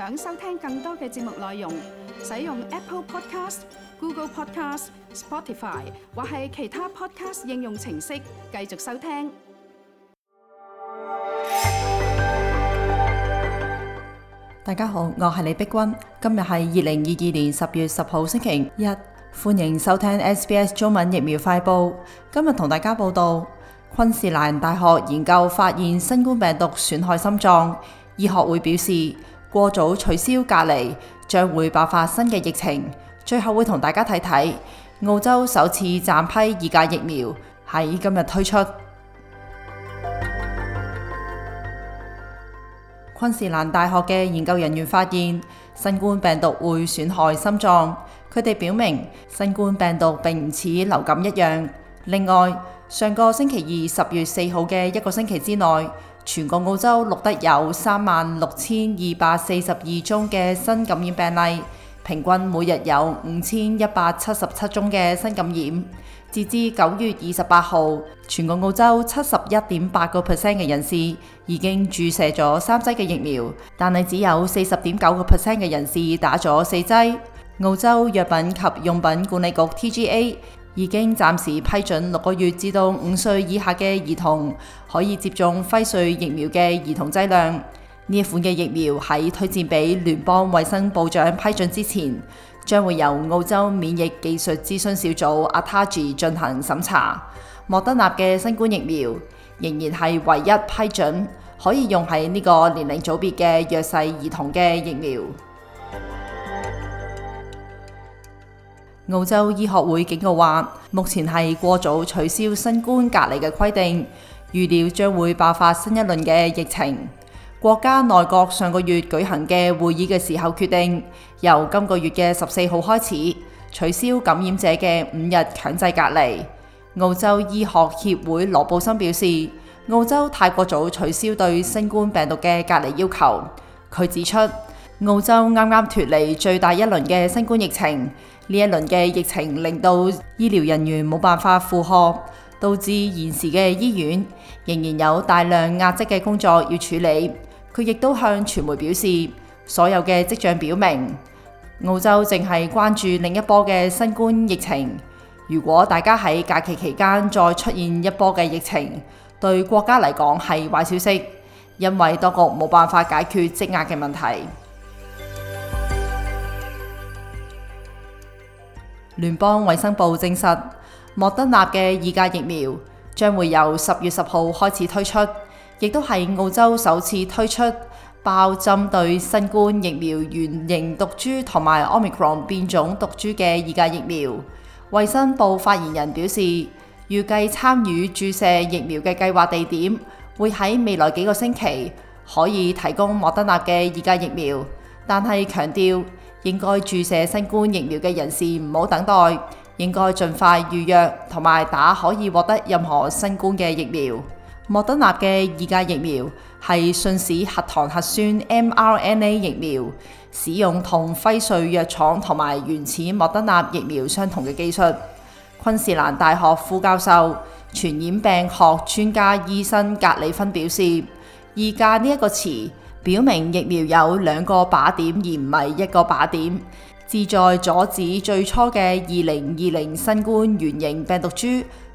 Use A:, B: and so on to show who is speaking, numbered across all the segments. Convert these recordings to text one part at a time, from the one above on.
A: 想收聽更多嘅節目內容，使用 Apple Podcast、Google Podcast、Spotify 或係其他 Podcast 應用程式繼續收聽。
B: 大家好，我係李碧君，今日係二零二二年十月十號星期一，歡迎收聽 SBS 中文疫苗快報。今日同大家報道，昆士蘭大學研究發現新冠病毒損害心臟，醫學會表示，過早取消隔離，將會爆發新嘅疫情。最後會同大家睇睇澳洲首次暫批二價疫苗喺今日推出。 昆士蘭大學嘅研究人員發現，新冠病毒會損害心臟。佢哋表明，新冠病毒並唔似流感一樣。另外，上個星期二，十月四號嘅一個星期之內。全國澳洲錄得有三萬六千二百四十二宗嘅新感染病例，平均每日有五千一百七十七宗嘅新感染。截至九月二十八號，全國澳洲七十一點八個 percent 嘅人士已經注射咗三劑嘅疫苗，但係只有四十點九個 percent 嘅人士打咗四劑。澳洲藥品及用品管理局 TGA。已經暫時批准六個月至到五歲以下嘅兒童可以接種輝瑞疫苗嘅兒童劑量。呢一款嘅疫苗喺推薦俾聯邦衛生部長批准之前，將會由澳洲免疫技術諮詢小組 ATAGI 進行審查。莫德納嘅新冠疫苗仍然係唯一批准可以用喺呢個年齡組別嘅弱勢兒童嘅疫苗。澳洲醫學會警告話，目前係過早取消新冠隔離嘅規定，預料將會爆發新一輪嘅疫情。國家內閣上個月舉行嘅會議嘅時候決定，由今個月嘅十四號開始取消感染者嘅五日強制隔離。澳洲醫學協會羅布森表示，澳洲太過早取消對新冠病毒嘅隔離要求。佢指出：澳洲啱啱脫離最大一輪嘅新冠疫情，呢一輪嘅疫情令到醫療人員冇辦法負荷，導致現時嘅醫院仍然有大量壓積嘅工作要處理。佢亦都向傳媒表示，所有嘅跡象表明澳洲淨係關注另一波嘅新冠疫情。如果大家喺假期期間再出現一波嘅疫情，對國家嚟講係壞消息，因為當局冇辦法解決積壓嘅問題。聯邦衛生部證實，莫德納嘅二價疫苗將會由十月十號開始推出，亦都係澳洲首次推出包針對新冠疫苗原型毒株同埋 Omicron 變種毒株嘅二價疫苗。衛生部發言人表示，預計參與注射疫苗嘅計劃地點會喺未來幾個星期可以提供莫德納嘅二價疫苗，但係強調。應該注射新冠疫苗嘅人士唔好等待，應該盡快預約，同埋打可以獲得任何新冠嘅疫苗。莫德納嘅二價疫苗係信使核糖核酸 mRNA 疫苗，使用同輝瑞藥廠同埋原始莫德納疫苗相同嘅技術。昆士蘭大學副教授、傳染病學專家醫生格里芬表示：二價呢一個詞，表明疫苗有兩個靶點，而唔係一個靶點，旨在阻止最初嘅二零二零新冠原型病毒株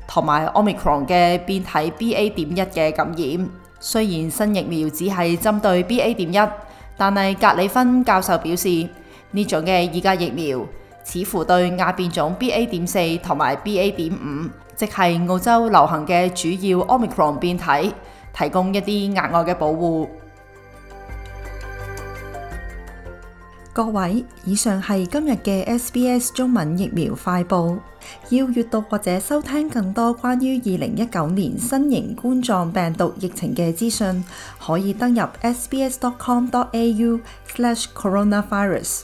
B: 同埋 Omicron 嘅變體 B A. 點一嘅感染。雖然新疫苗只係針對 B A. 點一，但係格里芬教授表示呢種嘅二價疫苗似乎對亞變種 B A. 點四同埋 B A. 點五，即係澳洲流行嘅主要 Omicron 變體，提供一啲額外嘅保護。各位，以上係今日嘅 SBS 中文疫苗快報。要閱讀或者收聽更多關於二零一九年新型冠狀病毒疫情嘅資訊，可以登入 sbs.com.au/coronavirus slash。